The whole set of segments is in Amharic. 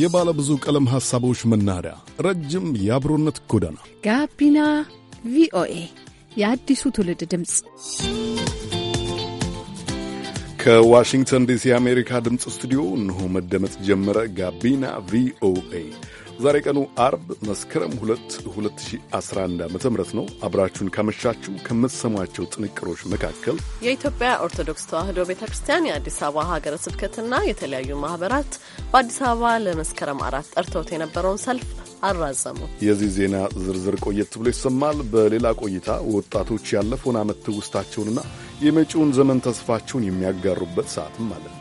የባለ ብዙ ቀለም ሐሳቦች መናኸሪያ፣ ረጅም የአብሮነት ጎዳና፣ ጋቢና ቪኦኤ የአዲሱ ትውልድ ድምፅ ከዋሽንግተን ዲሲ የአሜሪካ ድምፅ ስቱዲዮ እንሆ መደመጥ ጀመረ። ጋቢና ቪኦኤ ዛሬ ቀኑ አርብ መስከረም 2 2011 ዓ ም ነው። አብራችሁን ካመሻችሁ ከምትሰሟቸው ጥንቅሮች መካከል የኢትዮጵያ ኦርቶዶክስ ተዋሕዶ ቤተ ክርስቲያን የአዲስ አበባ ሀገረ ስብከትና የተለያዩ ማኅበራት በአዲስ አበባ ለመስከረም አራት ጠርተውት የነበረውን ሰልፍ አራዘሙ። የዚህ ዜና ዝርዝር ቆየት ብሎ ይሰማል። በሌላ ቆይታ ወጣቶች ያለፈውን ዓመት ትውስታቸውንና የመጪውን ዘመን ተስፋቸውን የሚያጋሩበት ሰዓትም አለን።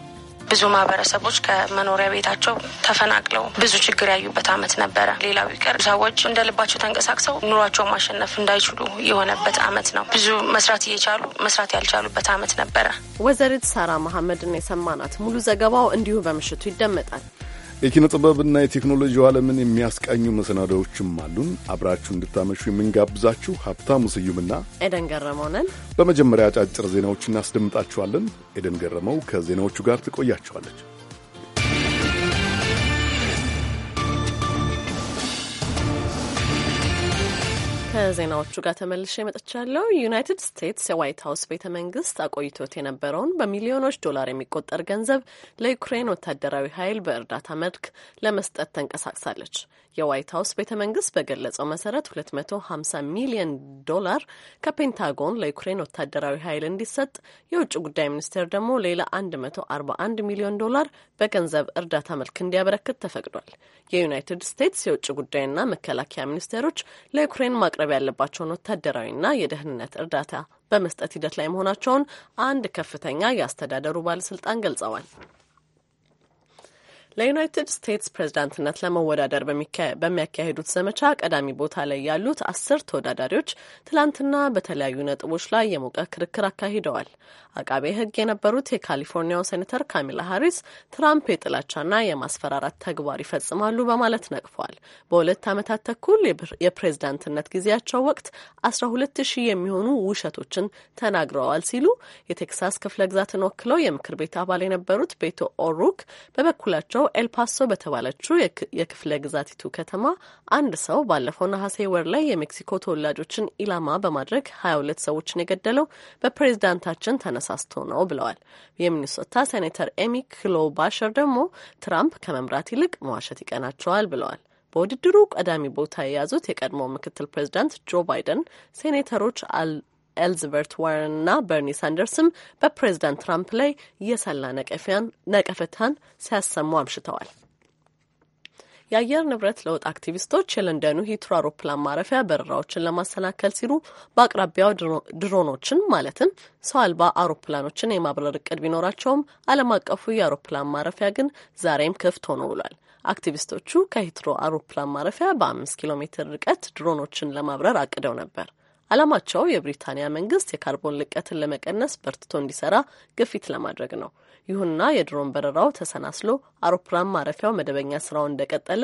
ብዙ ማህበረሰቦች ከመኖሪያ ቤታቸው ተፈናቅለው ብዙ ችግር ያዩበት አመት ነበረ። ሌላው ይቀር ሰዎች እንደ ልባቸው ተንቀሳቅሰው ኑሯቸው ማሸነፍ እንዳይችሉ የሆነበት አመት ነው። ብዙ መስራት እየቻሉ መስራት ያልቻሉበት አመት ነበረ። ወይዘሪት ሳራ መሀመድን የሰማናት ሙሉ ዘገባው እንዲሁ በምሽቱ ይደመጣል። የኪነ ጥበብና የቴክኖሎጂ ዓለምን የሚያስቃኙ መሰናዳዎችም አሉን። አብራችሁ እንድታመሹ የምንጋብዛችሁ ሀብታሙ ስዩምና ኤደን ገረመው ነን። በመጀመሪያ አጫጭር ዜናዎች እናስደምጣችኋለን። ኤደን ገረመው ከዜናዎቹ ጋር ትቆያችኋለች። ከዜናዎቹ ጋር ተመልሼ መጥቻለሁ። ዩናይትድ ስቴትስ የዋይት ሀውስ ቤተ መንግስት አቆይቶት የነበረውን በሚሊዮኖች ዶላር የሚቆጠር ገንዘብ ለዩክሬን ወታደራዊ ኃይል በእርዳታ መልክ ለመስጠት ተንቀሳቅሳለች። የዋይት ሀውስ ቤተ መንግስት በገለጸው መሰረት 250 ሚሊዮን ዶላር ከፔንታጎን ለዩክሬን ወታደራዊ ኃይል እንዲሰጥ፣ የውጭ ጉዳይ ሚኒስቴር ደግሞ ሌላ 141 ሚሊዮን ዶላር በገንዘብ እርዳታ መልክ እንዲያበረክት ተፈቅዷል። የዩናይትድ ስቴትስ የውጭ ጉዳይና መከላከያ ሚኒስቴሮች ለዩክሬን ማቅረብ ያለባቸውን ወታደራዊና የደህንነት እርዳታ በመስጠት ሂደት ላይ መሆናቸውን አንድ ከፍተኛ የአስተዳደሩ ባለስልጣን ገልጸዋል። ለዩናይትድ ስቴትስ ፕሬዝዳንትነት ለመወዳደር በሚያካሄዱት ዘመቻ ቀዳሚ ቦታ ላይ ያሉት አስር ተወዳዳሪዎች ትላንትና በተለያዩ ነጥቦች ላይ የሞቀ ክርክር አካሂደዋል። አቃቤ ሕግ የነበሩት የካሊፎርኒያው ሴኔተር ካሚላ ሀሪስ ትራምፕ የጥላቻና የማስፈራራት ተግባር ይፈጽማሉ በማለት ነቅፈዋል። በሁለት ዓመታት ተኩል የፕሬዝዳንትነት ጊዜያቸው ወቅት አስራ ሁለት ሺህ የሚሆኑ ውሸቶችን ተናግረዋል ሲሉ የቴክሳስ ክፍለ ግዛትን ወክለው የምክር ቤት አባል የነበሩት ቤቶ ኦሩክ በበኩላቸው በሚገኘው ኤልፓሶ በተባለችው የክፍለ ግዛቲቱ ከተማ አንድ ሰው ባለፈው ነሐሴ ወር ላይ የሜክሲኮ ተወላጆችን ኢላማ በማድረግ ሀያ ሁለት ሰዎችን የገደለው በፕሬዝዳንታችን ተነሳስቶ ነው ብለዋል። የሚኒሶታ ሴኔተር ኤሚ ክሎ ባሸር ደግሞ ትራምፕ ከመምራት ይልቅ መዋሸት ይቀናቸዋል ብለዋል። በውድድሩ ቀዳሚ ቦታ የያዙት የቀድሞው ምክትል ፕሬዝዳንት ጆ ባይደን ሴኔተሮች ኤልዝበርት ዋረንና በርኒ ሳንደርስም በፕሬዝዳንት ትራምፕ ላይ የሰላ ነቀፈታን ሲያሰሙ አምሽተዋል። የአየር ንብረት ለውጥ አክቲቪስቶች የለንደኑ ሂትሮ አውሮፕላን ማረፊያ በረራዎችን ለማሰናከል ሲሉ በአቅራቢያው ድሮኖችን ማለትም ሰው አልባ አውሮፕላኖችን የማብረር እቅድ ቢኖራቸውም ዓለም አቀፉ የአውሮፕላን ማረፊያ ግን ዛሬም ክፍት ሆኖ ውሏል። አክቲቪስቶቹ ከሂትሮ አውሮፕላን ማረፊያ በአምስት ኪሎ ሜትር ርቀት ድሮኖችን ለማብረር አቅደው ነበር። ዓላማቸው የብሪታንያ መንግስት የካርቦን ልቀትን ለመቀነስ በርትቶ እንዲሰራ ግፊት ለማድረግ ነው። ይሁንና የድሮን በረራው ተሰናስሎ አውሮፕላን ማረፊያው መደበኛ ስራውን እንደቀጠለ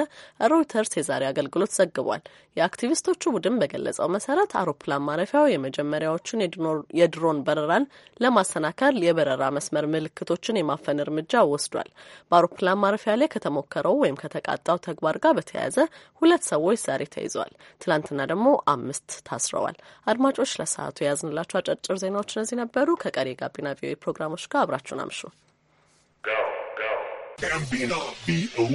ሮይተርስ የዛሬ አገልግሎት ዘግቧል። የአክቲቪስቶቹ ቡድን በገለጸው መሰረት አውሮፕላን ማረፊያው የመጀመሪያዎቹን የድሮን በረራን ለማሰናከል የበረራ መስመር ምልክቶችን የማፈን እርምጃ ወስዷል። በአውሮፕላን ማረፊያ ላይ ከተሞከረው ወይም ከተቃጣው ተግባር ጋር በተያያዘ ሁለት ሰዎች ዛሬ ተይዘዋል። ትላንትና ደግሞ አምስት ታስረዋል። አድማጮች ለሰዓቱ የያዝንላቸው አጫጭር ዜናዎች እነዚህ ነበሩ። ከቀሪ ጋቢና ቪኦኤ ፕሮግራሞች ጋር አብራችሁን አምሹ። ጋቢና ቪኦኤ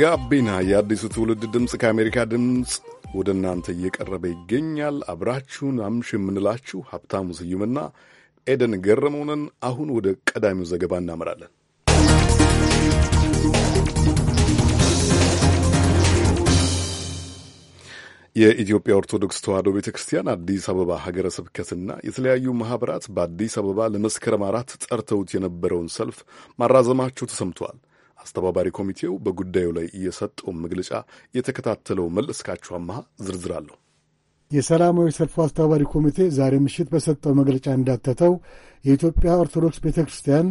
ጋቢና የአዲሱ ትውልድ ድምፅ ከአሜሪካ ድምፅ ወደ እናንተ እየቀረበ ይገኛል። አብራችሁን አምሽ የምንላችሁ ሀብታሙ ስዩምና ኤደን ገረመውነን። አሁን ወደ ቀዳሚው ዘገባ እናመራለን። የኢትዮጵያ ኦርቶዶክስ ተዋሕዶ ቤተ ክርስቲያን አዲስ አበባ ሀገረ ስብከትና የተለያዩ ማኅበራት በአዲስ አበባ ለመስከረም አራት ጠርተውት የነበረውን ሰልፍ ማራዘማቸው ተሰምተዋል። አስተባባሪ ኮሚቴው በጉዳዩ ላይ እየሰጠው መግለጫ የተከታተለው መለስካቸው አመሃ ዝርዝር አለሁ። የሰላማዊ ሰልፉ አስተባባሪ ኮሚቴ ዛሬ ምሽት በሰጠው መግለጫ እንዳተተው የኢትዮጵያ ኦርቶዶክስ ቤተ ክርስቲያን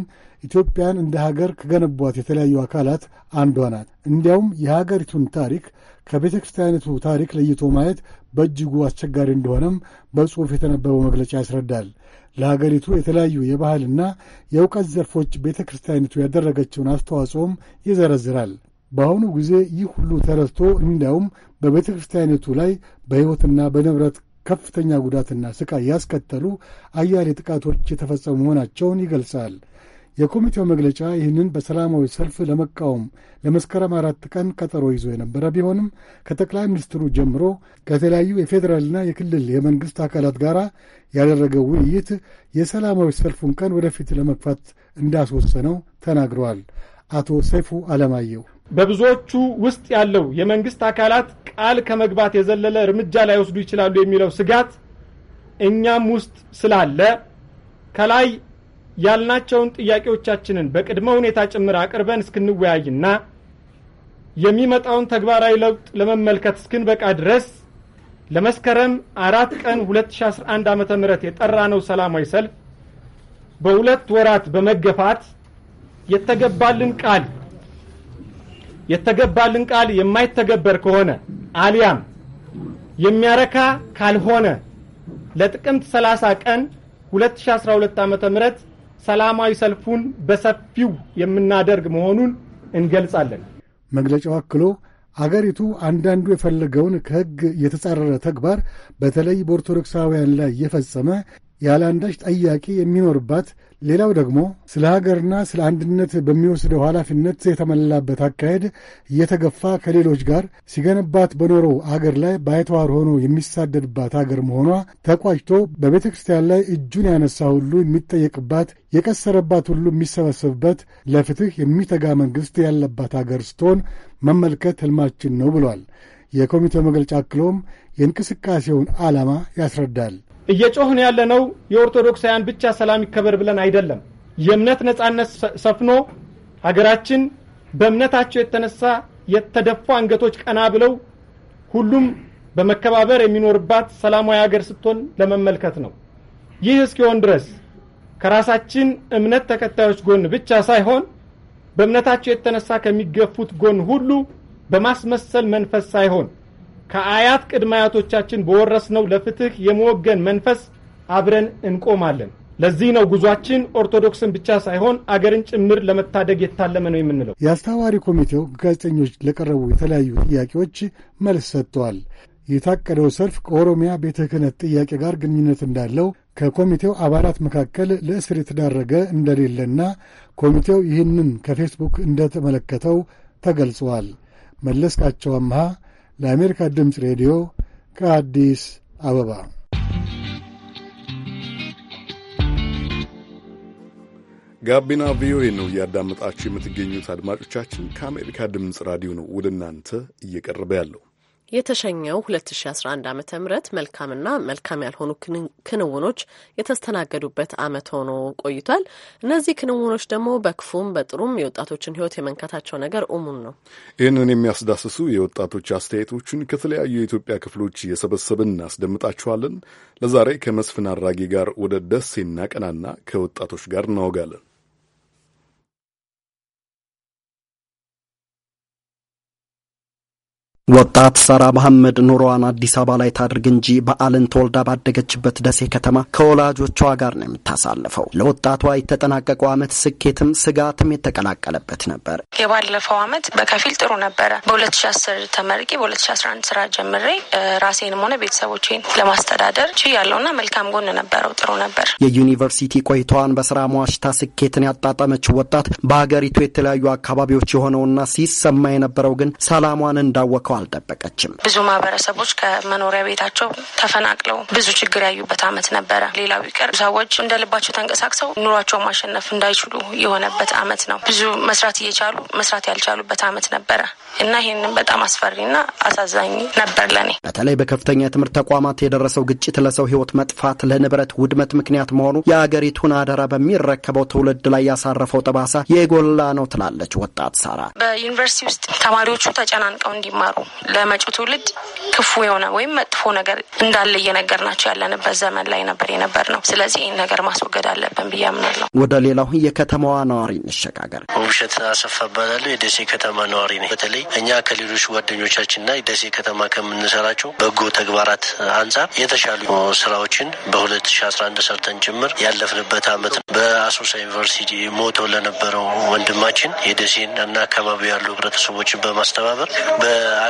ኢትዮጵያን እንደ ሀገር ከገነቧት የተለያዩ አካላት አንዷ ናት። እንዲያውም የሀገሪቱን ታሪክ ከቤተ ክርስቲያኒቱ ታሪክ ለይቶ ማየት በእጅጉ አስቸጋሪ እንደሆነም በጽሑፍ የተነበበው መግለጫ ያስረዳል። ለሀገሪቱ የተለያዩ የባህልና የእውቀት ዘርፎች ቤተ ክርስቲያኒቱ ያደረገችውን አስተዋጽኦም ይዘረዝራል። በአሁኑ ጊዜ ይህ ሁሉ ተረስቶ እንዲያውም በቤተ ክርስቲያኒቱ ላይ በሕይወትና በንብረት ከፍተኛ ጉዳትና ስቃይ ያስከተሉ አያሌ ጥቃቶች የተፈጸሙ መሆናቸውን ይገልጻል። የኮሚቴው መግለጫ ይህንን በሰላማዊ ሰልፍ ለመቃወም ለመስከረም አራት ቀን ቀጠሮ ይዞ የነበረ ቢሆንም ከጠቅላይ ሚኒስትሩ ጀምሮ ከተለያዩ የፌዴራልና የክልል የመንግሥት አካላት ጋር ያደረገው ውይይት የሰላማዊ ሰልፉን ቀን ወደፊት ለመግፋት እንዳስወሰነው ተናግረዋል። አቶ ሰይፉ አለማየሁ በብዙዎቹ ውስጥ ያለው የመንግሥት አካላት ቃል ከመግባት የዘለለ እርምጃ ላይወስዱ ይችላሉ የሚለው ስጋት እኛም ውስጥ ስላለ ከላይ ያልናቸውን ጥያቄዎቻችንን በቅድመ ሁኔታ ጭምር አቅርበን እስክንወያይና የሚመጣውን ተግባራዊ ለውጥ ለመመልከት እስክንበቃ ድረስ ለመስከረም አራት ቀን 2011 ዓ ም የጠራነው ሰላማዊ ሰልፍ በሁለት ወራት በመገፋት የተገባልን ቃል የተገባልን ቃል የማይተገበር ከሆነ አሊያም የሚያረካ ካልሆነ ለጥቅምት 30 ቀን 2012 ዓ.ም ሰላማዊ ሰልፉን በሰፊው የምናደርግ መሆኑን እንገልጻለን። መግለጫው አክሎ አገሪቱ አንዳንዱ የፈለገውን ከሕግ የተጻረረ ተግባር በተለይ በኦርቶዶክሳውያን ላይ እየፈጸመ ያለ አንዳች ጠያቂ የሚኖርባት፣ ሌላው ደግሞ ስለ ሀገርና ስለ አንድነት በሚወስደው ኃላፊነት የተሞላበት አካሄድ እየተገፋ ከሌሎች ጋር ሲገነባት በኖረው አገር ላይ ባይተዋር ሆኖ የሚሳደድባት አገር መሆኗ ተቋጭቶ በቤተ ክርስቲያን ላይ እጁን ያነሳ ሁሉ የሚጠየቅባት፣ የቀሰረባት ሁሉ የሚሰበሰብበት፣ ለፍትሕ የሚተጋ መንግሥት ያለባት አገር ስትሆን መመልከት ሕልማችን ነው ብሏል። የኮሚቴው መግለጫ አክሎም የእንቅስቃሴውን ዓላማ ያስረዳል። እየጮህን ያለነው የኦርቶዶክሳውያን ብቻ ሰላም ይከበር ብለን አይደለም። የእምነት ነጻነት ሰፍኖ ሀገራችን በእምነታቸው የተነሳ የተደፉ አንገቶች ቀና ብለው ሁሉም በመከባበር የሚኖርባት ሰላማዊ ሀገር ስትሆን ለመመልከት ነው። ይህ እስኪሆን ድረስ ከራሳችን እምነት ተከታዮች ጎን ብቻ ሳይሆን በእምነታቸው የተነሳ ከሚገፉት ጎን ሁሉ በማስመሰል መንፈስ ሳይሆን ከአያት ቅድመ አያቶቻችን በወረስነው ለፍትህ የመወገን መንፈስ አብረን እንቆማለን። ለዚህ ነው ጉዟችን ኦርቶዶክስን ብቻ ሳይሆን አገርን ጭምር ለመታደግ የታለመ ነው የምንለው። የአስተባባሪ ኮሚቴው ጋዜጠኞች ለቀረቡ የተለያዩ ጥያቄዎች መልስ ሰጥተዋል። የታቀደው ሰልፍ ከኦሮሚያ ቤተ ክህነት ጥያቄ ጋር ግንኙነት እንዳለው ከኮሚቴው አባላት መካከል ለእስር የተዳረገ እንደሌለና ኮሚቴው ይህንን ከፌስቡክ እንደተመለከተው ተገልጸዋል። መለስካቸው አምሃ ለአሜሪካ ድምፅ ሬዲዮ ከአዲስ አበባ። ጋቢና ቪኦኤ ነው እያዳመጣችሁ የምትገኙት አድማጮቻችን። ከአሜሪካ ድምፅ ራዲዮ ነው ወደ እናንተ እየቀረበ ያለው። የተሸኘው 2011 ዓ ም መልካምና መልካም ያልሆኑ ክንውኖች የተስተናገዱበት አመት ሆኖ ቆይቷል። እነዚህ ክንውኖች ደግሞ በክፉም በጥሩም የወጣቶችን ህይወት የመንካታቸው ነገር እሙን ነው። ይህንን የሚያስዳስሱ የወጣቶች አስተያየቶችን ከተለያዩ የኢትዮጵያ ክፍሎች እየሰበሰብን እናስደምጣችኋለን። ለዛሬ ከመስፍን አራጌ ጋር ወደ ደሴ እናቀናና ከወጣቶች ጋር እናወጋለን። ወጣት ሰራ መሐመድ ኑሮዋን አዲስ አበባ ላይ ታድርግ እንጂ በዓልን ተወልዳ ባደገችበት ደሴ ከተማ ከወላጆቿ ጋር ነው የምታሳልፈው። ለወጣቷ የተጠናቀቀው ዓመት ስኬትም ስጋትም የተቀላቀለበት ነበር። የባለፈው ዓመት በከፊል ጥሩ ነበረ። በ2010 ተመርቄ በ2011 ስራ ጀምሬ ራሴንም ሆነ ቤተሰቦቼን ለማስተዳደር ች ያለውና መልካም ጎን ነበረው፣ ጥሩ ነበር። የዩኒቨርሲቲ ቆይታዋን በስራ መዋሽታ ስኬትን ያጣጠመችው ወጣት በሀገሪቱ የተለያዩ አካባቢዎች የሆነውና ሲሰማ የነበረው ግን ሰላሟን እንዳወቀ አድርገው አልጠበቀችም። ብዙ ማህበረሰቦች ከመኖሪያ ቤታቸው ተፈናቅለው ብዙ ችግር ያዩበት አመት ነበረ። ሌላው ቢቀር ሰዎች እንደ ልባቸው ተንቀሳቅሰው ኑሯቸው ማሸነፍ እንዳይችሉ የሆነበት አመት ነው። ብዙ መስራት እየቻሉ መስራት ያልቻሉበት አመት ነበረ እና ይህንን በጣም አስፈሪና አሳዛኝ ነበር ለኔ። በተለይ በከፍተኛ የትምህርት ተቋማት የደረሰው ግጭት ለሰው ህይወት መጥፋት፣ ለንብረት ውድመት ምክንያት መሆኑ የአገሪቱን አደራ በሚረከበው ትውልድ ላይ ያሳረፈው ጠባሳ የጎላ ነው ትላለች ወጣት ሳራ። በዩኒቨርሲቲ ውስጥ ተማሪዎቹ ተጨናንቀው እንዲማሩ ነው ለመጪው ትውልድ ክፉ የሆነ ወይም መጥፎ ነገር እንዳለ እየነገርናቸው ያለንበት ዘመን ላይ ነበር የነበር ነው። ስለዚህ ይህን ነገር ማስወገድ አለብን ብዬ አምናለሁ። ወደ ሌላው የከተማዋ ነዋሪ እንሸጋገር። ውብሸት አሰፋ እባላለሁ። የደሴ ከተማ ነዋሪ ነኝ። በተለይ እኛ ከሌሎች ጓደኞቻችንና የደሴ ከተማ ከምንሰራቸው በጎ ተግባራት አንጻር የተሻሉ ስራዎችን በ2011 ሰርተን ጭምር ያለፍንበት አመት ነው። በአሶሳ ዩኒቨርሲቲ ሞቶ ለነበረው ወንድማችን የደሴን እና አካባቢ ያሉ ህብረተሰቦችን በማስተባበር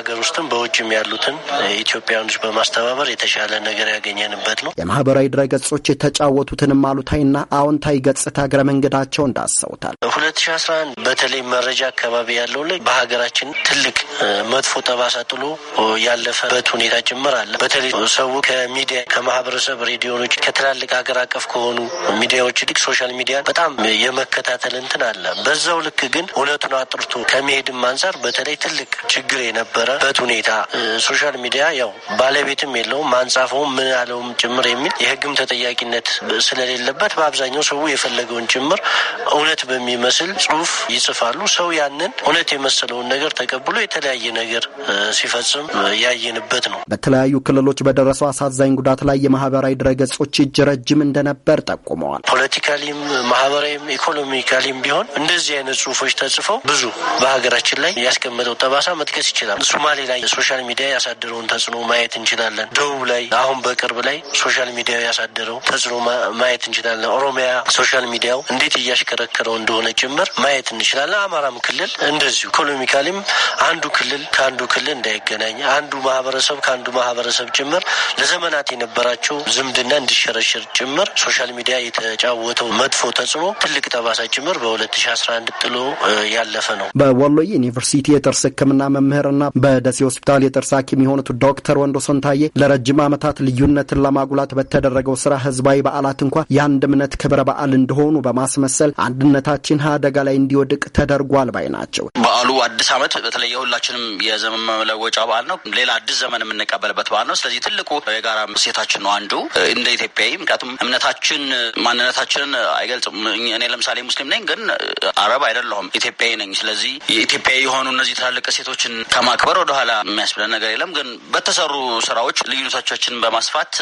በሀገር ውስጥም በውጭም ያሉትን ኢትዮጵያኖች በማስተባበር የተሻለ ነገር ያገኘንበት ነው። የማህበራዊ ድረ ገጾች የተጫወቱትንም አሉታዊና አዎንታዊ ገጽታ እግረ መንገዳቸውን ዳሰውታል። ሁለት ሺ አስራ አንድ በተለይ መረጃ አካባቢ ያለው ላይ በሀገራችን ትልቅ መጥፎ ጠባሳ ጥሎ ያለፈበት ሁኔታ ጭምር አለ። በተለይ ሰው ከሚዲያ ከማህበረሰብ ሬዲዮኖች ከትላልቅ ሀገር አቀፍ ከሆኑ ሚዲያዎች ይልቅ ሶሻል ሚዲያ በጣም የመከታተል እንትን አለ። በዛው ልክ ግን እውነቱን አጥርቶ ከመሄድም አንጻር በተለይ ትልቅ ችግር የነበረ በነበረበት ሁኔታ ሶሻል ሚዲያ ያው ባለቤትም የለውም ማንጻፈውም ምን ያለውም ጭምር የሚል የህግም ተጠያቂነት ስለሌለበት በአብዛኛው ሰው የፈለገውን ጭምር እውነት በሚመስል ጽሁፍ ይጽፋሉ። ሰው ያንን እውነት የመሰለውን ነገር ተቀብሎ የተለያየ ነገር ሲፈጽም ያየንበት ነው። በተለያዩ ክልሎች በደረሰው አሳዛኝ ጉዳት ላይ የማህበራዊ ድረገጾች እጅ ረጅም እንደነበር ጠቁመዋል። ፖለቲካሊም፣ ማህበራዊም፣ ኢኮኖሚካሊም ቢሆን እንደዚህ አይነት ጽሁፎች ተጽፈው ብዙ በሀገራችን ላይ ያስቀመጠው ጠባሳ መጥቀስ ይችላል። እሱ ሶማሌ ላይ ሶሻል ሚዲያ ያሳደረውን ተጽዕኖ ማየት እንችላለን። ደቡብ ላይ አሁን በቅርብ ላይ ሶሻል ሚዲያ ያሳደረው ተጽዕኖ ማየት እንችላለን። ኦሮሚያ ሶሻል ሚዲያው እንዴት እያሽከረከረው እንደሆነ ጭምር ማየት እንችላለን። አማራም ክልል እንደዚሁ ኢኮኖሚካሊም አንዱ ክልል ከአንዱ ክልል እንዳይገናኝ አንዱ ማህበረሰብ ከአንዱ ማህበረሰብ ጭምር ለዘመናት የነበራቸው ዝምድና እንዲሸረሸር ጭምር ሶሻል ሚዲያ የተጫወተው መጥፎ ተጽዕኖ ትልቅ ጠባሳ ጭምር በ2011 ጥሎ ያለፈ ነው። በወሎ ዩኒቨርሲቲ የጥርስ ሕክምና መምህርና በደሴ ሆስፒታል የጥርስ ሐኪም የሆኑት ዶክተር ወንዶ ሶንታዬ ለረጅም ዓመታት ልዩነትን ለማጉላት በተደረገው ስራ ህዝባዊ በዓላት እንኳ የአንድ እምነት ክብረ በዓል እንደሆኑ በማስመሰል አንድነታችን አደጋ ላይ እንዲወድቅ ተደርጓል ባይ ናቸው። በዓሉ አዲስ ዓመት በተለይ የሁላችንም የዘመን መለወጫ በዓል ነው። ሌላ አዲስ ዘመን የምንቀበልበት በዓል ነው። ስለዚህ ትልቁ የጋራ እሴታችን ነው አንዱ እንደ ኢትዮጵያዊ። ምክንያቱም እምነታችን ማንነታችንን አይገልጽም። እኔ ለምሳሌ ሙስሊም ነኝ፣ ግን አረብ አይደለሁም፣ ኢትዮጵያዊ ነኝ። ስለዚህ ኢትዮጵያዊ የሆኑ እነዚህ ትላልቅ እሴቶችን ከማክበር ወደኋላ የሚያስብለን ነገር የለም። ግን በተሰሩ ስራዎች ልዩነቶቻችንን በማስፋት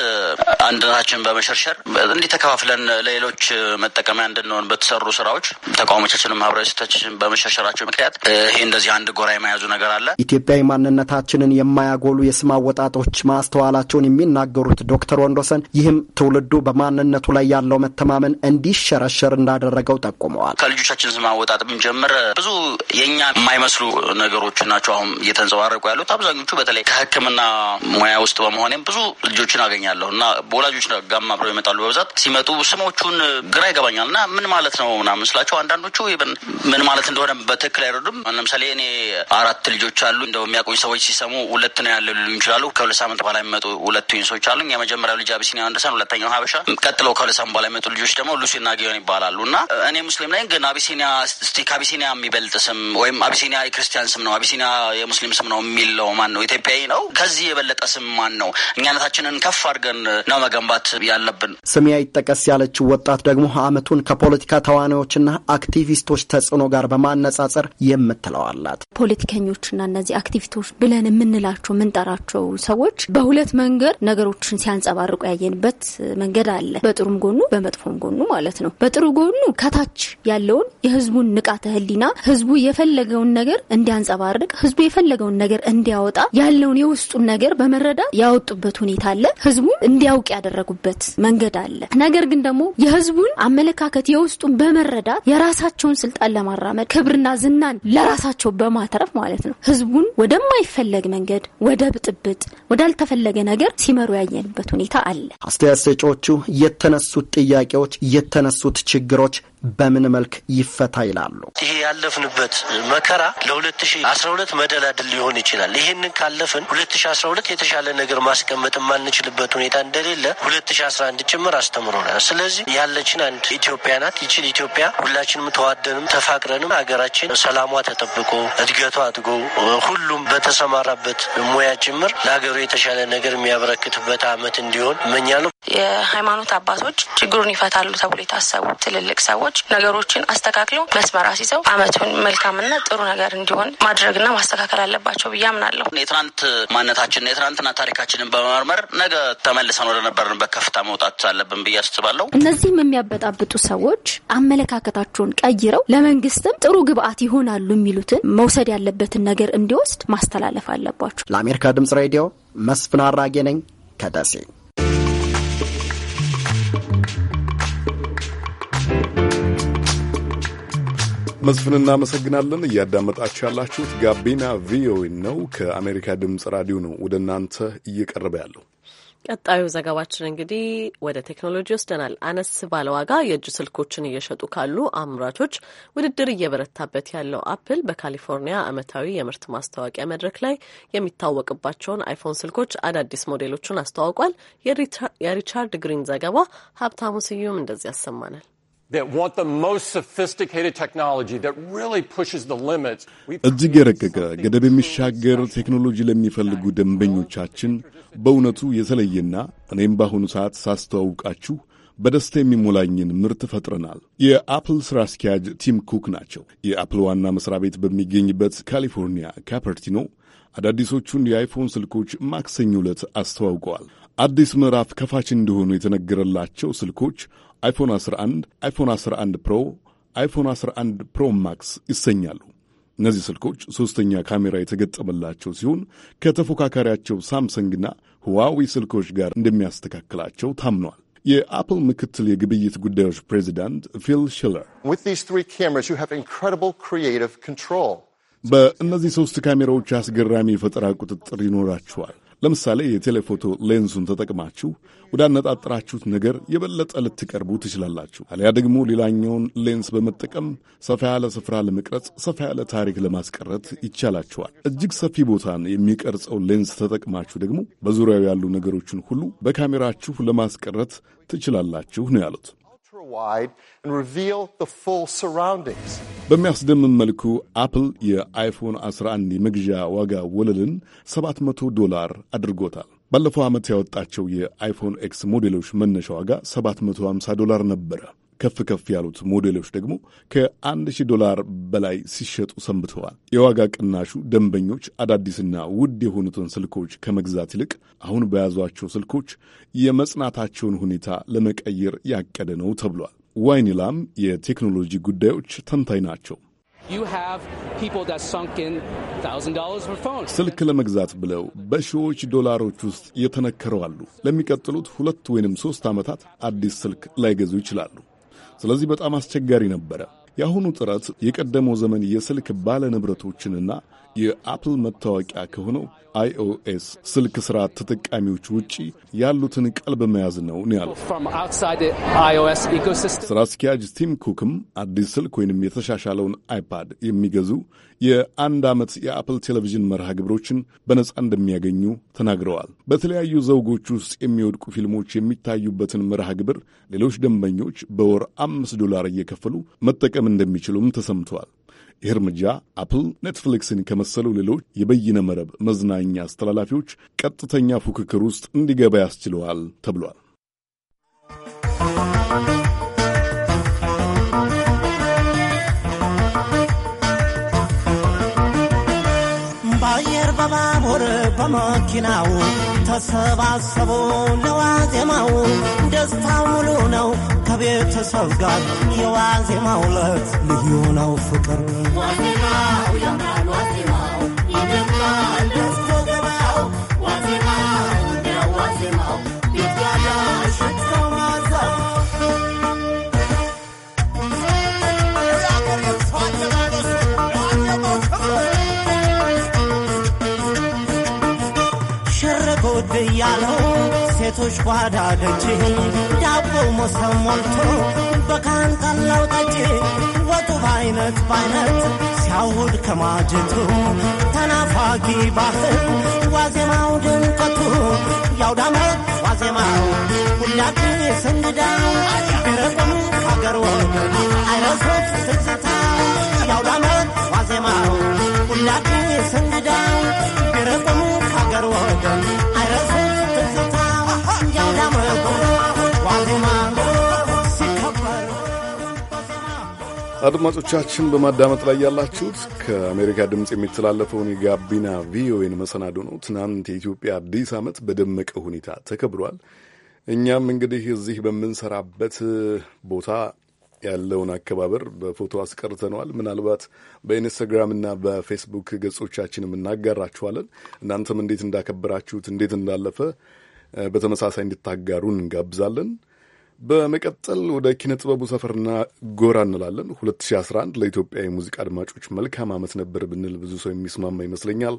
አንድነታችንን በመሸርሸር እንዲህ ተከፋፍለን ለሌሎች መጠቀሚያ እንድንሆን በተሰሩ ስራዎች ተቃውሞቻችን፣ ማህበራዊ እሴቶቻችንን በመሸርሸራቸው ምክንያት ይሄ እንደዚህ አንድ ጎራ የመያዙ ነገር አለ። ኢትዮጵያዊ ማንነታችንን የማያጎሉ የስማ ወጣቶች ማስተዋላቸውን የሚናገሩት ዶክተር ወንዶሰን ይህም ትውልዱ በማንነቱ ላይ ያለው መተማመን እንዲሸረሸር እንዳደረገው ጠቁመዋል። ከልጆቻችን ስማ ወጣት ብንጀምር ብዙ የእኛ የማይመስሉ ነገሮች ናቸው አሁን እየተንጸባ እየተመራረቁ ያሉት አብዛኞቹ በተለይ ከህክምና ሙያ ውስጥ በመሆኔም ብዙ ልጆችን አገኛለሁ እና በወላጆች ጋማ አብረው ይመጣሉ። በብዛት ሲመጡ ስሞቹን ግራ ይገባኛል እና ምን ማለት ነው ምናምን ስላቸው አንዳንዶቹ ምን ማለት እንደሆነ በትክክል አይረዱም። ለምሳሌ እኔ አራት ልጆች አሉ እንደው የሚያቆኝ ሰዎች ሲሰሙ ሁለት ነው ያለ ሊሉ ይችላሉ። ከሁለት ሳምንት በኋላ የሚመጡ ሁለቱ ዊንሶች አሉ የመጀመሪያው ልጅ አቢሲኒ ወንደሰን፣ ሁለተኛው ሀበሻ። ቀጥለው ከሁለት ሳምንት በኋላ የሚመጡ ልጆች ደግሞ ሉሲና ጊዮን ይባላሉ እና እኔ ሙስሊም ነኝ ግን አቢሲኒያ ስቲክ አቢሲኒያ የሚበልጥ ስም ወይም አቢሲኒያ የክርስቲያን ስም ነው፣ አቢሲኒያ የሙስሊም ስም ነው ነው የሚለው ማን ነው? ኢትዮጵያዊ ነው። ከዚህ የበለጠ ስም ማን ነው? እኛነታችንን ከፍ አድርገን ነው መገንባት ያለብን። ስሚያ ይጠቀስ ያለችው ወጣት ደግሞ አመቱን ከፖለቲካ ተዋናዮችና አክቲቪስቶች ተጽዕኖ ጋር በማነጻጸር የምትለው አላት። ፖለቲከኞችና እነዚህ አክቲቪስቶች ብለን የምንላቸው የምንጠራቸው ሰዎች በሁለት መንገድ ነገሮችን ሲያንጸባርቁ ያየንበት መንገድ አለ። በጥሩም ጎኑ በመጥፎም ጎኑ ማለት ነው። በጥሩ ጎኑ ከታች ያለውን የህዝቡን ንቃተ ህሊና ህዝቡ የፈለገውን ነገር እንዲያንጸባርቅ ህዝቡ የፈለገውን ነገር እንዲያወጣ ያለውን የውስጡን ነገር በመረዳት ያወጡበት ሁኔታ አለ። ህዝቡን እንዲያውቅ ያደረጉበት መንገድ አለ። ነገር ግን ደግሞ የህዝቡን አመለካከት የውስጡን በመረዳት የራሳቸውን ስልጣን ለማራመድ ክብርና ዝናን ለራሳቸው በማትረፍ ማለት ነው ህዝቡን ወደማይፈለግ መንገድ፣ ወደ ብጥብጥ፣ ወዳልተፈለገ ነገር ሲመሩ ያየንበት ሁኔታ አለ። አስተያየት ሰጪዎቹ የተነሱት ጥያቄዎች የተነሱት ችግሮች በምን መልክ ይፈታ ይላሉ። ይሄ ያለፍንበት መከራ ለ2012 መደላድል ሊሆን ሊሆን ይችላል። ይህንን ካለፍን ሁለት ሺ አስራ ሁለት የተሻለ ነገር ማስቀመጥ የማንችልበት ሁኔታ እንደሌለ ሁለት ሺ አስራ አንድ ጭምር አስተምሮናል። ስለዚህ ያለችን አንድ ኢትዮጵያ ናት። ይችን ኢትዮጵያ ሁላችንም ተዋደንም ተፋቅረንም ሀገራችን ሰላሟ ተጠብቆ እድገቷ አድጎ ሁሉም በተሰማራበት ሙያ ጭምር ለሀገሩ የተሻለ ነገር የሚያበረክትበት አመት እንዲሆን እመኛለሁ። የሃይማኖት አባቶች ችግሩን ይፈታሉ ተብሎ የታሰቡ ትልልቅ ሰዎች ነገሮችን አስተካክለው መስመር አስይዘው አመቱን መልካምና ጥሩ ነገር እንዲሆን ማድረግና ማስተካከል አለባቸው። ናቸው ብዬ አምናለሁ። የትናንት ማንነታችንና የትናንትና ታሪካችንን በመመርመር ነገ ተመልሰን ወደነበርንበት ከፍታ መውጣት አለብን ብዬ አስባለሁ። እነዚህም የሚያበጣብጡ ሰዎች አመለካከታቸውን ቀይረው ለመንግስትም ጥሩ ግብአት ይሆናሉ የሚሉትን መውሰድ ያለበትን ነገር እንዲወስድ ማስተላለፍ አለባቸው። ለአሜሪካ ድምጽ ሬዲዮ መስፍን አራጌ ነኝ ከደሴ መስፍን እናመሰግናለን። እያዳመጣችሁ ያላችሁት ጋቢና ቪኦኤ ነው፣ ከአሜሪካ ድምፅ ራዲዮ ነው ወደ እናንተ እየቀረበ ያለው። ቀጣዩ ዘገባችን እንግዲህ ወደ ቴክኖሎጂ ወስደናል። አነስ ባለ ዋጋ የእጅ ስልኮችን እየሸጡ ካሉ አምራቾች ውድድር እየበረታበት ያለው አፕል በካሊፎርኒያ ዓመታዊ የምርት ማስታወቂያ መድረክ ላይ የሚታወቅባቸውን አይፎን ስልኮች አዳዲስ ሞዴሎቹን አስተዋውቋል። የሪቻርድ ግሪን ዘገባ ሀብታሙ ስዩም እንደዚህ ያሰማናል። እጅግ የረቀቀ ገደብ የሚሻገር ቴክኖሎጂ ለሚፈልጉ ደንበኞቻችን በእውነቱ የተለየና እኔም በአሁኑ ሰዓት ሳስተዋውቃችሁ በደስታ የሚሞላኝን ምርት ፈጥረናል። የአፕል ሥራ አስኪያጅ ቲም ኩክ ናቸው። የአፕል ዋና መሥሪያ ቤት በሚገኝበት ካሊፎርኒያ ካፐርቲኖ አዳዲሶቹን የአይፎን ስልኮች ማክሰኞ ዕለት አስተዋውቀዋል። አዲስ ምዕራፍ ከፋች እንደሆኑ የተነገረላቸው ስልኮች አይፎን 11፣ አይፎን 11 ፕሮ፣ አይፎን 11 ፕሮ ማክስ ይሰኛሉ። እነዚህ ስልኮች ሦስተኛ ካሜራ የተገጠመላቸው ሲሆን ከተፎካካሪያቸው ሳምሰንግና ህዋዊ ስልኮች ጋር እንደሚያስተካክላቸው ታምኗል። የአፕል ምክትል የግብይት ጉዳዮች ፕሬዚዳንት ፊል ሽለር በእነዚህ ሦስት ካሜራዎች አስገራሚ የፈጠራ ቁጥጥር ይኖራቸዋል? ለምሳሌ የቴሌፎቶ ሌንሱን ተጠቅማችሁ ወደ አነጣጠራችሁት ነገር የበለጠ ልትቀርቡ ትችላላችሁ። አሊያ ደግሞ ሌላኛውን ሌንስ በመጠቀም ሰፋ ያለ ስፍራ ለመቅረጽ፣ ሰፋ ያለ ታሪክ ለማስቀረት ይቻላችኋል። እጅግ ሰፊ ቦታን የሚቀርጸው ሌንስ ተጠቅማችሁ ደግሞ በዙሪያው ያሉ ነገሮችን ሁሉ በካሜራችሁ ለማስቀረት ትችላላችሁ ነው ያሉት። በሚያስደምም መልኩ አፕል የአይፎን 11 የመግዣ ዋጋ ወለልን 700 ዶላር አድርጎታል። ባለፈው ዓመት ያወጣቸው የአይፎን ኤክስ ሞዴሎች መነሻ ዋጋ 750 ዶላር ነበረ። ከፍ ከፍ ያሉት ሞዴሎች ደግሞ ከ1000 ዶላር በላይ ሲሸጡ ሰንብተዋል። የዋጋ ቅናሹ ደንበኞች አዳዲስና ውድ የሆኑትን ስልኮች ከመግዛት ይልቅ አሁን በያዟቸው ስልኮች የመጽናታቸውን ሁኔታ ለመቀየር ያቀደ ነው ተብሏል። ዋይኒላም የቴክኖሎጂ ጉዳዮች ተንታኝ ናቸው። ስልክ ለመግዛት ብለው በሺዎች ዶላሮች ውስጥ የተነከረው አሉ። ለሚቀጥሉት ሁለት ወይንም ሦስት ዓመታት አዲስ ስልክ ላይገዙ ይችላሉ። ስለዚህ በጣም አስቸጋሪ ነበረ። የአሁኑ ጥረት የቀደመው ዘመን የስልክ ባለ ንብረቶችንና የአፕል መታወቂያ ከሆነው አይኦኤስ ስልክ ስራ ተጠቃሚዎች ውጪ ያሉትን ቀልብ መያዝ ነው ነው ያለው። ስራ አስኪያጅ ቲም ኩክም አዲስ ስልክ ወይንም የተሻሻለውን አይፓድ የሚገዙ የአንድ ዓመት የአፕል ቴሌቪዥን መርሃ ግብሮችን በነጻ እንደሚያገኙ ተናግረዋል። በተለያዩ ዘውጎች ውስጥ የሚወድቁ ፊልሞች የሚታዩበትን መርሃ ግብር ሌሎች ደንበኞች በወር አምስት ዶላር እየከፈሉ መጠቀም እንደሚችሉም ተሰምተዋል። ይህ እርምጃ አፕል ኔትፍሊክስን ከመሰሉ ሌሎች የበይነ መረብ መዝናኛ አስተላላፊዎች ቀጥተኛ ፉክክር ውስጥ እንዲገባ ያስችለዋል ተብሏል። መኪናው ተሰባሰቡ ለዋዜማው ደስታ ሙሉ ነው ከቤተሰብ ጋር የዋዜማው ዕለት ልዩ ነው ፍቅር የእናቶች ጓዳ ደጅ ዳቦ ሞሰብ ሞልቶ በካንካን ጠጅ ወጡ በአይነት በአይነት ሲያውድ ከማጀቱ ተናፋጊ ባህል ዋዜማው ድንቀቱ ያውዳመት ዋዜማው ሁላችን ስንግዳ ረቁም ሀገር ወግ አይረሶች ትዝታ ያውዳመት ዋዜማው ሁላችን ስንግዳ ረቁም ሀገር ወግ አይረሶ አድማጮቻችን በማዳመጥ ላይ ያላችሁት ከአሜሪካ ድምፅ የሚተላለፈውን የጋቢና ቪኦኤን መሰናዶ ነው። ትናንት የኢትዮጵያ አዲስ ዓመት በደመቀ ሁኔታ ተከብሯል። እኛም እንግዲህ እዚህ በምንሰራበት ቦታ ያለውን አከባበር በፎቶ አስቀርተነዋል። ምናልባት በኢንስታግራም እና በፌስቡክ ገጾቻችንም እናጋራችኋለን። እናንተም እንዴት እንዳከበራችሁት እንዴት እንዳለፈ በተመሳሳይ እንዲታጋሩን እንጋብዛለን። በመቀጠል ወደ ኪነ ጥበቡ ሰፈርና ጎራ እንላለን። 2011 ለኢትዮጵያ የሙዚቃ አድማጮች መልካም ዓመት ነበር ብንል ብዙ ሰው የሚስማማ ይመስለኛል።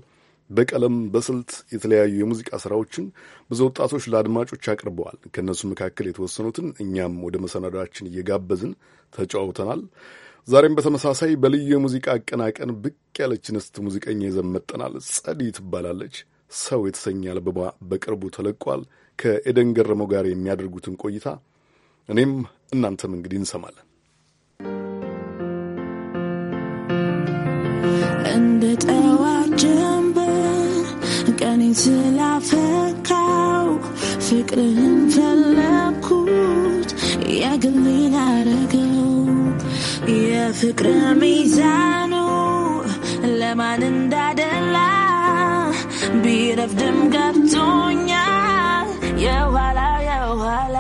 በቀለም በስልት የተለያዩ የሙዚቃ ስራዎችን ብዙ ወጣቶች ለአድማጮች አቅርበዋል። ከእነሱ መካከል የተወሰኑትን እኛም ወደ መሰናዳችን እየጋበዝን ተጫውተናል። ዛሬም በተመሳሳይ በልዩ የሙዚቃ አቀናቀን ብቅ ያለችን ስት ሙዚቀኛ ይዘን መጥተናል። ጸዲ ትባላለች። ሰው የተሰኘ አልበሟ በቅርቡ ተለቋል። ከኤደን ገረመው ጋር የሚያደርጉትን ቆይታ እኔም እናንተም እንግዲህ እንሰማለን። እንደ ጠዋት ጀንበር ቀኔ ስላፈካው ፍቅርህን ፈለኩት የግሌ ላረገው የፍቅር ሚዛኑ ለማን እንዳ ይረፍድም ገብቶኛል የኋላ የኋላ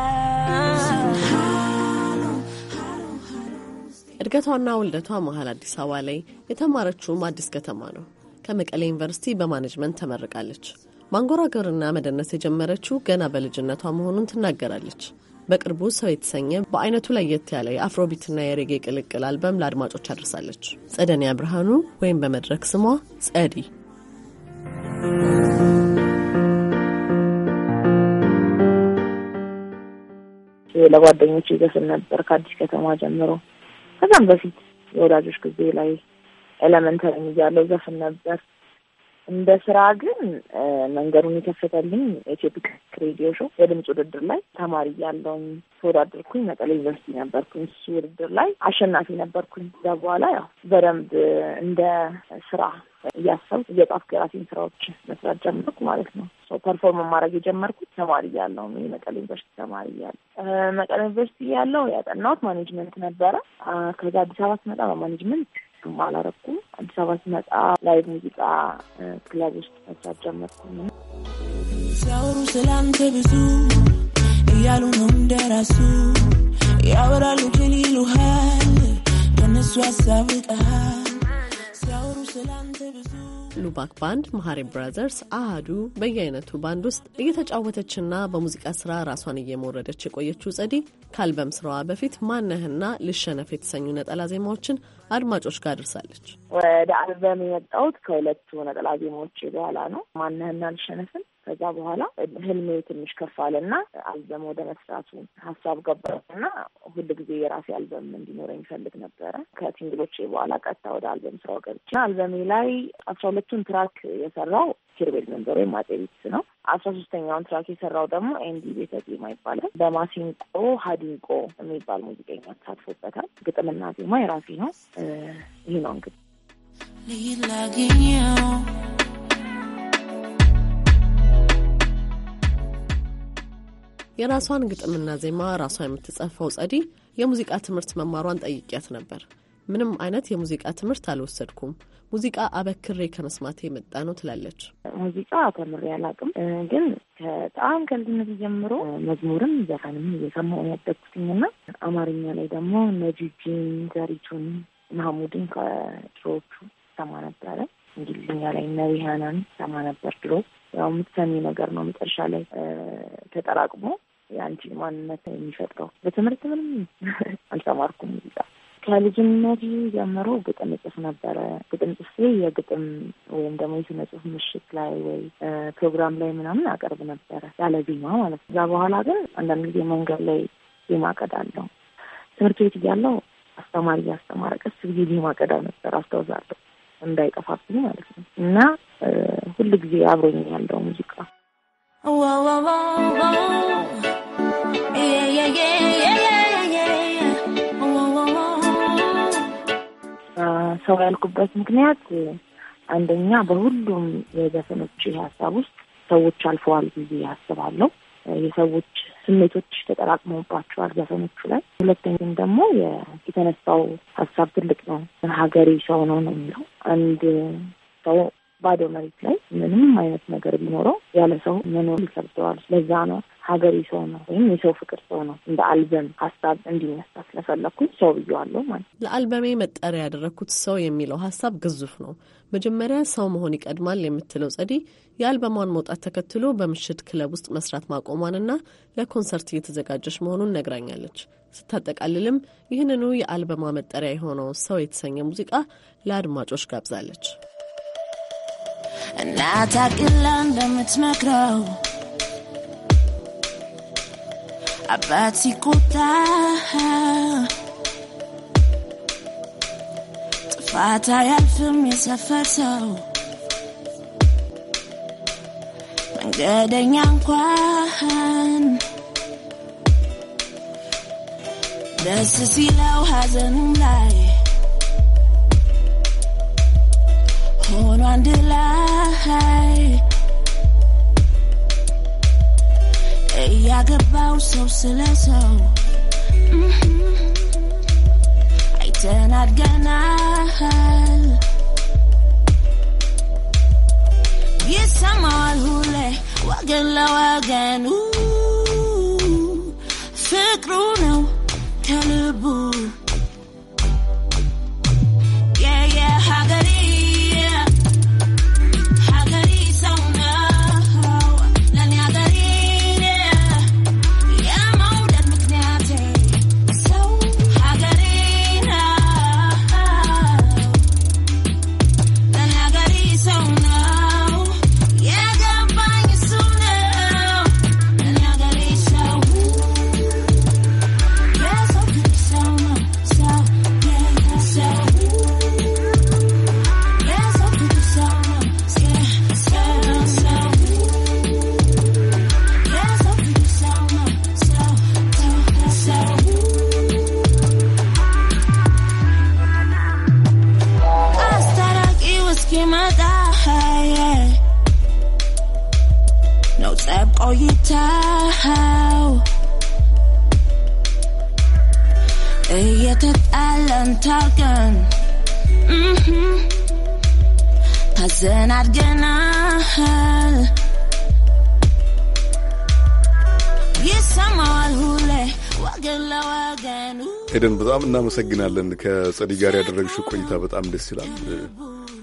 እድገቷና ውልደቷ መሀል አዲስ አበባ ላይ የተማረችውም አዲስ ከተማ ነው። ከመቀሌ ዩኒቨርሲቲ በማኔጅመንት ተመርቃለች። ማንጎራገርና መደነስ የጀመረችው ገና በልጅነቷ መሆኑን ትናገራለች። በቅርቡ ሰው የተሰኘ በአይነቱ ለየት ያለ የአፍሮቢትና የሬጌ ቅልቅል አልበም ለአድማጮች አድርሳለች። ጸደኒያ ብርሃኑ ወይም በመድረክ ስሟ ጸዲ ለጓደኞች ይዘፍን ነበር ከአዲስ ከተማ ጀምሮ። ከዛም በፊት የወዳጆች ጊዜ ላይ ኤለመንተሪ እያለሁ ዘፍን ነበር። እንደ ስራ ግን መንገዱን የከፈተልኝ ኢትዮፒክ ሬዲዮ ሾው የድምፅ ውድድር ላይ ተማሪ እያለሁኝ ተወዳደርኩኝ። መቀሌ ዩኒቨርሲቲ ነበርኩኝ። እሱ ውድድር ላይ አሸናፊ ነበርኩኝ። እዛ በኋላ ያው በደንብ እንደ ስራ እያሰብኩ እየጻፍኩ የራሴን ስራዎች መስራት ጀመርኩ ማለት ነው። ፐርፎርም ማድረግ የጀመርኩት ተማሪ እያለሁ መቀሌ ዩኒቨርሲቲ ተማሪ ያለ መቀሌ ዩኒቨርሲቲ ያለው ያጠናሁት ማኔጅመንት ነበረ። ከዛ አዲስ አበባ ስመጣ በማኔጅመንት እሱም አላረኩም። አዲስ አበባ ስመጣ ላይ ሙዚቃ ክለብ ውስጥ መስራት ጀመርኩኝ። ሲያወሩ ስላንተ ብዙ እያሉ ነው እንደራሱ ያወራሉ፣ ግን ይሉሃል በእነሱ ያሳብቀሃል ሲያወሩ ስላንተ ብዙ ሉባክ ባንድ፣ መሐሪ ብራዘርስ፣ አህዱ በየአይነቱ ባንድ ውስጥ እየተጫወተችና በሙዚቃ ስራ ራሷን እየመወረደች የቆየችው ጸዲ ከአልበም ስራዋ በፊት ማነህና ልሸነፍ የተሰኙ ነጠላ ዜማዎችን አድማጮች ጋር ደርሳለች። ወደ አልበም የመጣሁት ከሁለቱ ነጠላ ዜማዎች በኋላ ነው። ማነህና ልሸነፍን ከዛ በኋላ ህልሜ ትንሽ ከፍ አለና አልበም ወደ መስራቱ ሀሳብ ገባና ሁል ጊዜ የራሴ አልበም እንዲኖረኝ ይፈልግ ነበረ። ከሲንግሎቼ በኋላ ቀጥታ ወደ አልበም ስራው ገብቼ አልበሜ ላይ አስራ ሁለቱን ትራክ የሰራው ኪርቤል መንበር ወይም አጼ ቤትስ ነው። አስራ ሶስተኛውን ትራክ የሰራው ደግሞ ኤንዲ ቤተዜማ ይባላል። በማሲንቆ ሀዲንቆ የሚባል ሙዚቀኛ ተሳትፎበታል። ግጥምና ዜማ የራሴ ነው። ይህ ነው እንግዲህ የራሷን ግጥምና ዜማ ራሷ የምትጸፈው ጸዲ የሙዚቃ ትምህርት መማሯን ጠይቄያት ነበር። ምንም አይነት የሙዚቃ ትምህርት አልወሰድኩም። ሙዚቃ አበክሬ ከመስማቴ የመጣ ነው ትላለች። ሙዚቃ ተምሬ አላውቅም፣ ግን በጣም ከልጅነት ጀምሮ መዝሙርም ዘፈንም እየሰማሁ ያደግኩትኝና አማርኛ ላይ ደግሞ ነጂጂን፣ ዘሪቱን፣ ማህሙድን ከድሮዎቹ ሰማ ነበረ። እንግሊዝኛ ላይ እነ ሰማ ነበር ድሮ። ያው የምትሰሚ ነገር ነው መጨረሻ ላይ ተጠራቅሞ የአንቺን ማንነት የሚፈጥረው። በትምህርት ምንም አልተማርኩም ይላል። ከልጅነት ጀምሮ ግጥም ጽፍ ነበረ። ግጥም ጽፌ የግጥም ወይም ደግሞ የስነ ጽሁፍ ምሽት ላይ ወይ ፕሮግራም ላይ ምናምን አቀርብ ነበረ ያለ ዜማ ማለት ነው። እዛ በኋላ ግን አንዳንድ ጊዜ መንገድ ላይ ዜማ ቀዳለው። ትምህርት ቤት እያለው አስተማሪ እያስተማረ ቀስ ጊዜ ዜማ ቀዳ ነበር አስታውሳለሁ፣ እንዳይጠፋብኝ ማለት ነው። እና ሁል ጊዜ አብሮኝ ያለው ሰው ያልኩበት ምክንያት አንደኛ በሁሉም የዘፈኖች ሀሳብ ውስጥ ሰዎች አልፈዋል ብዬ አስባለሁ። የሰዎች ስሜቶች ተጠራቅመባቸዋል ዘፈኖቹ ላይ። ሁለተኛም ደግሞ የተነሳው ሀሳብ ትልቅ ነው። ሀገሬ ሰው ነው ነው የሚለው አንድ ሰው ባዶ መሬት ላይ ምንም አይነት ነገር ቢኖረው ያለ ሰው መኖር ይከብደዋል። ለዛ ነው ሀገሬ ሰው ነው ወይም የሰው ፍቅር ሰው ነው እንደ አልበም ሀሳብ እንዲነሳ ስለፈለግኩኝ ሰው ብዬዋለሁ ማለት ነው። ለአልበሜ መጠሪያ ያደረግኩት ሰው የሚለው ሀሳብ ግዙፍ ነው። መጀመሪያ ሰው መሆን ይቀድማል የምትለው ጸዲ የአልበሟን መውጣት ተከትሎ በምሽት ክለብ ውስጥ መስራት ማቆሟንና ለኮንሰርት እየተዘጋጀች መሆኑን ነግራኛለች። ስታጠቃልልም ይህንኑ የአልበሟ መጠሪያ የሆነው ሰው የተሰኘ ሙዚቃ ለአድማጮች ጋብዛለች። እና ታቅላ እንደምትመክረው አባት ሲቆጣ ጥፋት አያልፍም የሰፈር ሰው መንገደኛ እንኳን ደስ ሲለው ሐዘኑም ላይ moon on the light. Hey, I get bow so silly so. Mm -hmm. I turn out ganal. Yes, I'm all hule. Wagen la wagen. Ooh, fikru now. Kalibu. ሐዘን አድገናል ይሰማዋል ሁሌ ወገን ኤደን በጣም እናመሰግናለን። ከጸዲ ጋር ያደረግሽው ቆይታ በጣም ደስ ይላል።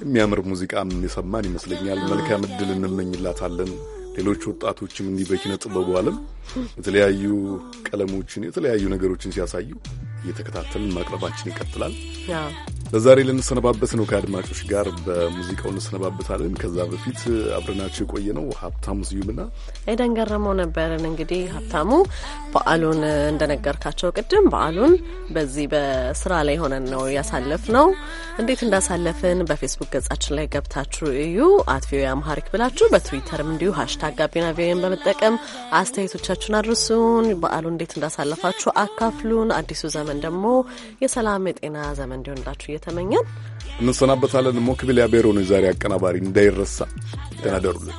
የሚያምር ሙዚቃም የሰማን ይመስለኛል። መልካም እድል እንመኝላታለን። ሌሎች ወጣቶችም እንዲህ በኪነ ጥበቡ ዓለም የተለያዩ ቀለሞችን የተለያዩ ነገሮችን ሲያሳዩ እየተከታተልን ማቅረባችን ይቀጥላል። ለዛሬ ልንሰነባበት ነው። ከአድማጮች ጋር በሙዚቃው እንሰነባበታለን። ከዛ በፊት አብረናቸው የቆየ ነው ሀብታሙ ስዩምና ኤደን ገረመው ነበርን። እንግዲህ ሀብታሙ በዓሉን እንደነገርካቸው ቅድም በዓሉን በዚህ በስራ ላይ ሆነን ነው ያሳለፍ ነው። እንዴት እንዳሳለፍን በፌስቡክ ገጻችን ላይ ገብታችሁ እዩ። አት ቪኦኤ አምሃሪክ ብላችሁ በትዊተርም እንዲሁ ሀሽታግ ጋቢና ቪኦኤን በመጠቀም አስተያየቶቻችሁን አድርሱን። በዓሉን እንዴት እንዳሳለፋችሁ አካፍሉን። አዲሱ ዘመን ደግሞ የሰላም የጤና ዘመን እንዲሆንላችሁ እየተመኘን እንሰናበታለን። ሞክቢል ያቤሮ ነው የዛሬ አቀናባሪ። እንዳይረሳ ተናደሩልን።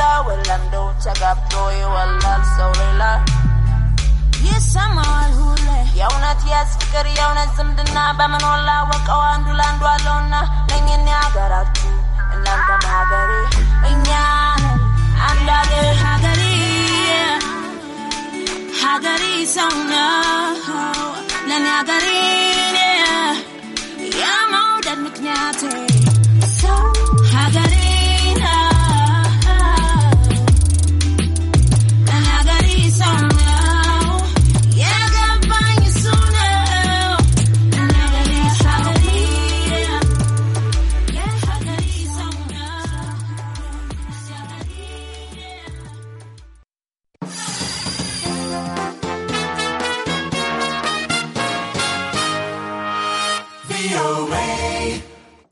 ሌላ ወላንዶ ተጋብቶ ይወላል ሰው ሌላ የእውነት የፍቅር የእውነት ዝምድና በምን ወቀው አንዱ ላንዱ አለውና ነኝን ሀገራችሁ እኛ አንድ ሀገሬ ሀገሬ ሀገሬ የመውደድ ምክንያቴ